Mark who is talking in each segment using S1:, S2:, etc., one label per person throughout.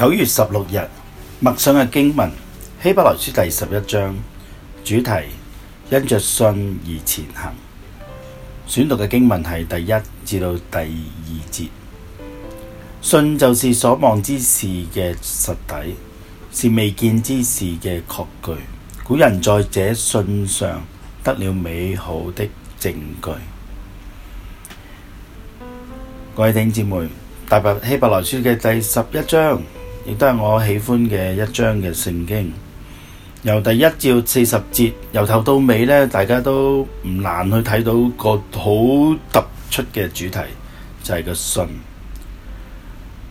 S1: 九月十六日，默想嘅經文《希伯來書》第十一章，主題，因着信而前行。選讀嘅經文係第一至到第二節。信就是所望之事嘅實底，是未見之事嘅確據。古人在這信上得了美好的證據。各位弟兄姊妹，《大伯希伯來書》嘅第十一章。亦都係我喜歡嘅一章嘅聖經，由第一至四十節，由頭到尾呢，大家都唔難去睇到個好突出嘅主題，就係、是、個信。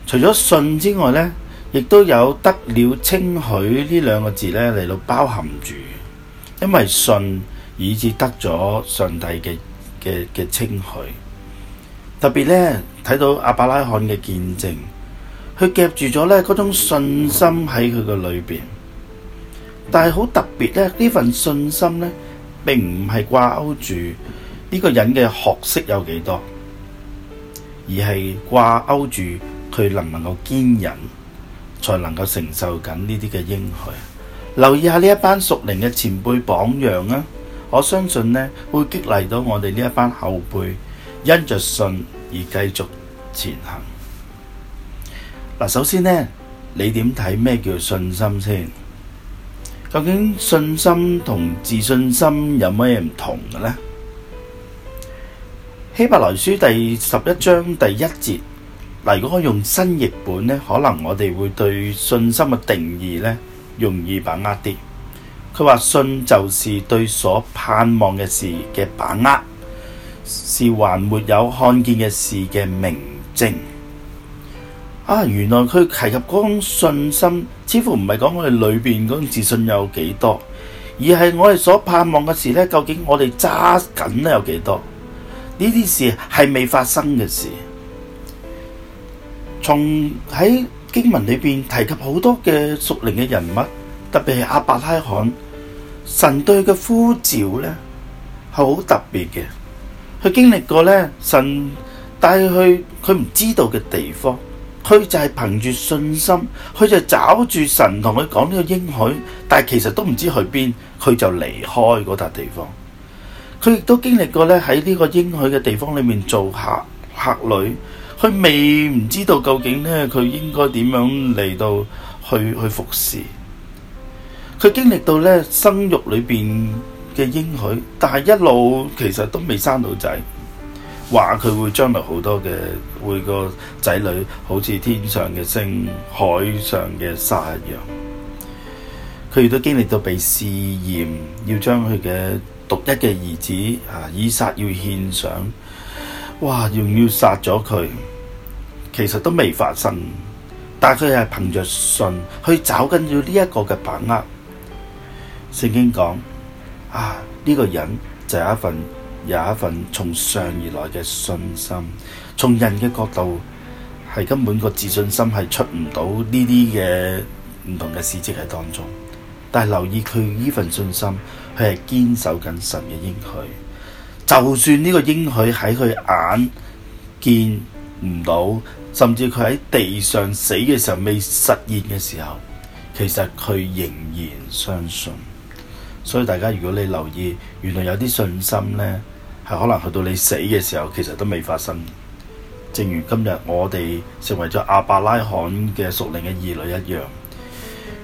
S1: 除咗信之外呢，亦都有得了稱許呢兩個字呢嚟到包含住，因為信以至得咗上帝嘅嘅嘅稱許。特別呢，睇到亞伯拉罕嘅見證。佢夾住咗呢嗰種信心喺佢個裏邊，但係好特別呢，呢份信心呢並唔係掛鈎住呢個人嘅學識有幾多，而係掛鈎住佢能唔能夠堅忍，才能夠承受緊呢啲嘅應許。留意下呢一班熟齡嘅前輩榜樣啊，我相信呢會激勵到我哋呢一班後輩，因着信而繼續前行。嗱，首先呢，你點睇咩叫信心先？究竟信心同自信心有乜嘢唔同嘅呢？希伯來書第十一章第一節，嗱，如果我用新譯本呢，可能我哋會對信心嘅定義呢容易把握啲。佢話信就是對所盼望嘅事嘅把握，是還沒有看見嘅事嘅明證。啊！原來佢提及嗰種信心，似乎唔係講我哋裏邊嗰種自信有幾多，而係我哋所盼望嘅事呢，究竟我哋揸緊咧有幾多？呢啲事係未發生嘅事。從喺經文裏邊提及好多嘅屬靈嘅人物，特別係阿伯拉罕，神對佢嘅呼召呢係好特別嘅。佢經歷過呢，神帶佢去佢唔知道嘅地方。佢就係憑住信心，佢就找住神同佢講呢個應許，但係其實都唔知去邊，佢就離開嗰笪地方。佢亦都經歷過呢喺呢個應許嘅地方裏面做客客旅，佢未唔知道究竟呢，佢應該點樣嚟到去去服侍。佢經歷到呢生育裏邊嘅應許，但係一路其實都未生到仔。話佢會將來好多嘅，會個仔女好似天上嘅星、海上嘅沙一樣。佢亦都經歷到被試驗，要將佢嘅獨一嘅兒子啊以撒要獻上，哇，要唔要殺咗佢，其實都未發生。但係佢係憑着信去找緊要呢一個嘅把握。聖經講啊，呢個人就有一份。有一份從上而來嘅信心，從人嘅角度係根本個自信心係出唔到呢啲嘅唔同嘅事跡喺當中。但係留意佢呢份信心，佢係堅守緊神嘅應許，就算呢個應許喺佢眼見唔到，甚至佢喺地上死嘅時候未實現嘅時候，其實佢仍然相信。所以大家如果你留意，原來有啲信心呢。係可能去到你死嘅時候，其實都未發生。正如今日我哋成為咗阿伯拉罕嘅屬靈嘅兒女一樣，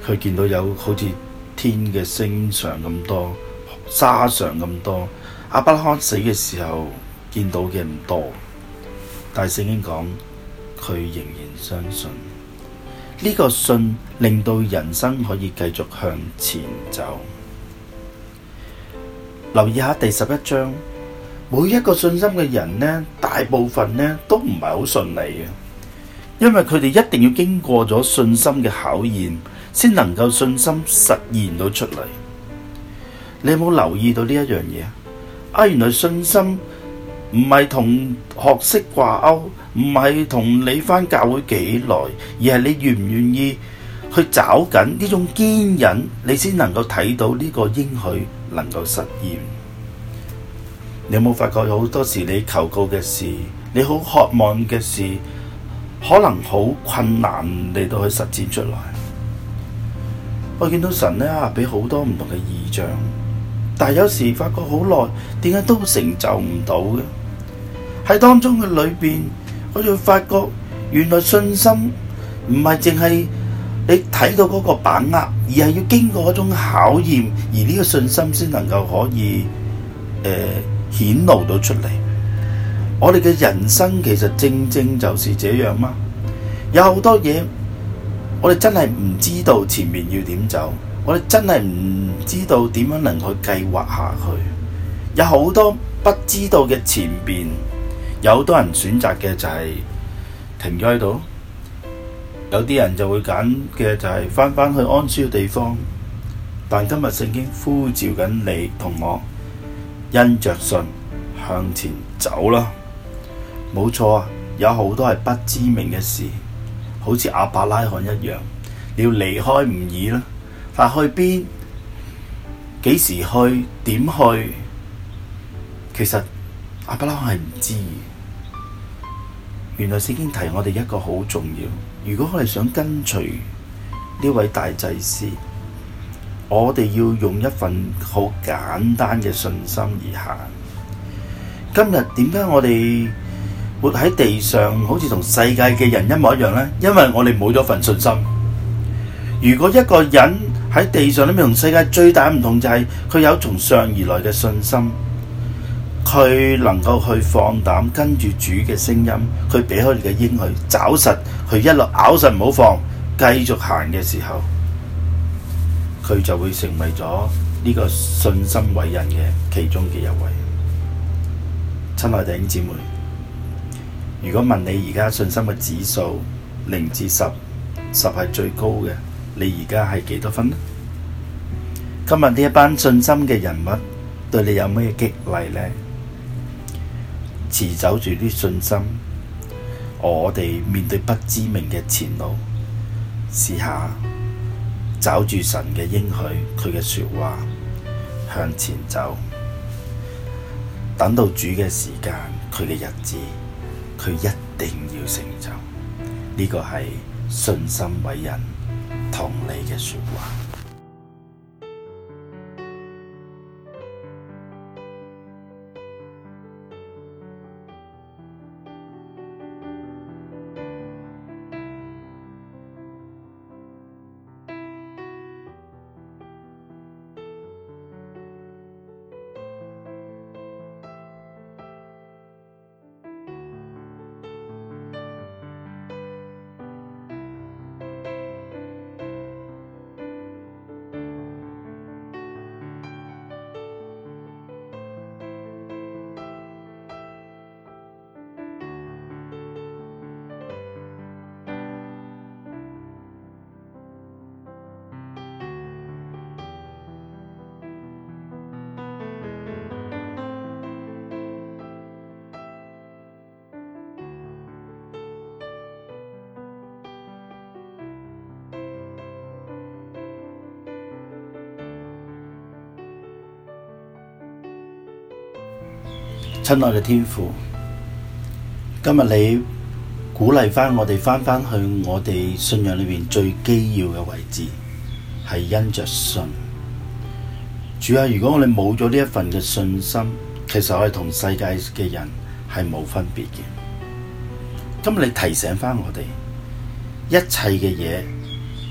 S1: 佢見到有好似天嘅星上咁多，沙上咁多。阿伯拉罕死嘅時候見到嘅唔多，但係聖經講佢仍然相信呢個信，令到人生可以繼續向前走。留意下第十一章。每一個信心嘅人呢，大部分呢都唔係好順利嘅，因為佢哋一定要經過咗信心嘅考驗，先能夠信心實現到出嚟。你有冇留意到呢一樣嘢啊？啊，原來信心唔係同學識掛鈎，唔係同你返教會幾耐，而係你願唔願意去找緊呢種堅忍，你先能夠睇到呢個應許能夠實現。你有冇發覺有好多時你求告嘅事，你好渴望嘅事，可能好困難你都可以實踐出來。我見到神呢，啊，俾好多唔同嘅異象，但係有時發覺好耐，點解都成就唔到嘅？喺當中嘅裏邊，我就發覺原來信心唔係淨係你睇到嗰個把握，而係要經過嗰種考驗，而呢個信心先能夠可以誒。呃顯露咗出嚟，我哋嘅人生其實正正就是這樣嗎？有好多嘢，我哋真係唔知道前面要點走，我哋真係唔知道點樣能去計劃下去。有好多不知道嘅前面，有好多人選擇嘅就係停咗喺度，有啲人就會揀嘅就係翻返去安舒嘅地方。但今日聖經呼召緊你同我。因着信向前走啦，冇錯，有好多係不知名嘅事，好似亞伯拉罕一樣，你要離開唔易啦，但去邊，幾時去，點去，其實亞伯拉罕係唔知。原來聖經提我哋一個好重要，如果我哋想跟隨呢位大祭司。我哋要用一份好簡單嘅信心而行。今日點解我哋活喺地上，好似同世界嘅人一模一樣呢？因為我哋冇咗份信心。如果一個人喺地上，咁樣同世界最大唔同就係佢有從上而來嘅信心，佢能夠去放膽跟住主嘅聲音，佢俾開你嘅鷹去抓實，佢一路咬實唔好放，繼續行嘅時候，佢就會成為咗呢個信心偉人嘅其中嘅一位。親愛弟兄姊妹，如果問你而家信心嘅指數零至十，十係最高嘅，你而家係幾多分呢？今日呢一班信心嘅人物對你有咩激勵呢？持走住啲信心，我哋面對不知名嘅前路，試下。抓住神嘅應許，佢嘅說話向前走，等到主嘅時間，佢嘅日子，佢一定要成就。呢、這個係信心偉人同你嘅說話。親愛嘅天父，今日你鼓勵返我哋返返去我哋信仰裏面最基要嘅位置，係因着信。主啊，如果我哋冇咗呢一份嘅信心，其實我哋同世界嘅人係冇分別嘅。今日你提醒返我哋，一切嘅嘢，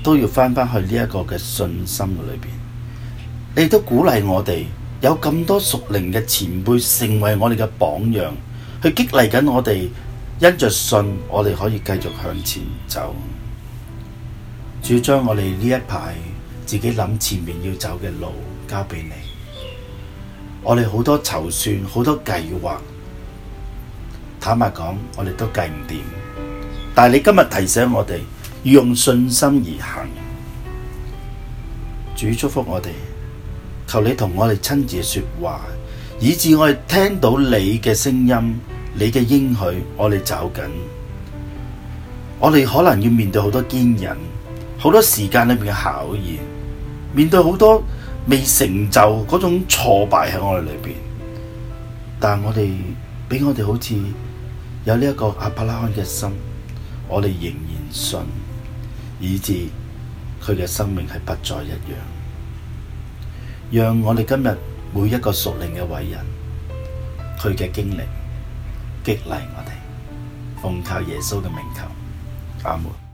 S1: 都要返返去呢一個嘅信心嘅裏邊。你都鼓勵我哋。有咁多屬靈嘅前輩成為我哋嘅榜樣，去激勵緊我哋，因着信我哋可以繼續向前走。主將我哋呢一排自己諗前面要走嘅路交俾你，我哋好多籌算，好多計劃，坦白講我哋都計唔掂。但係你今日提醒我哋要用信心而行，主要祝福我哋。求你同我哋親自說話，以致我哋聽到你嘅聲音、你嘅應許，我哋走緊。我哋可能要面對好多堅忍，好多時間裏面嘅考驗，面對好多未成就嗰種挫敗喺我哋裏邊。但我哋俾我哋好似有呢一個阿伯拉罕嘅心，我哋仍然信，以致佢嘅生命係不再一樣。讓我哋今日每一個屬靈嘅偉人，佢嘅經歷激勵我哋，奉靠耶穌嘅名求，阿門。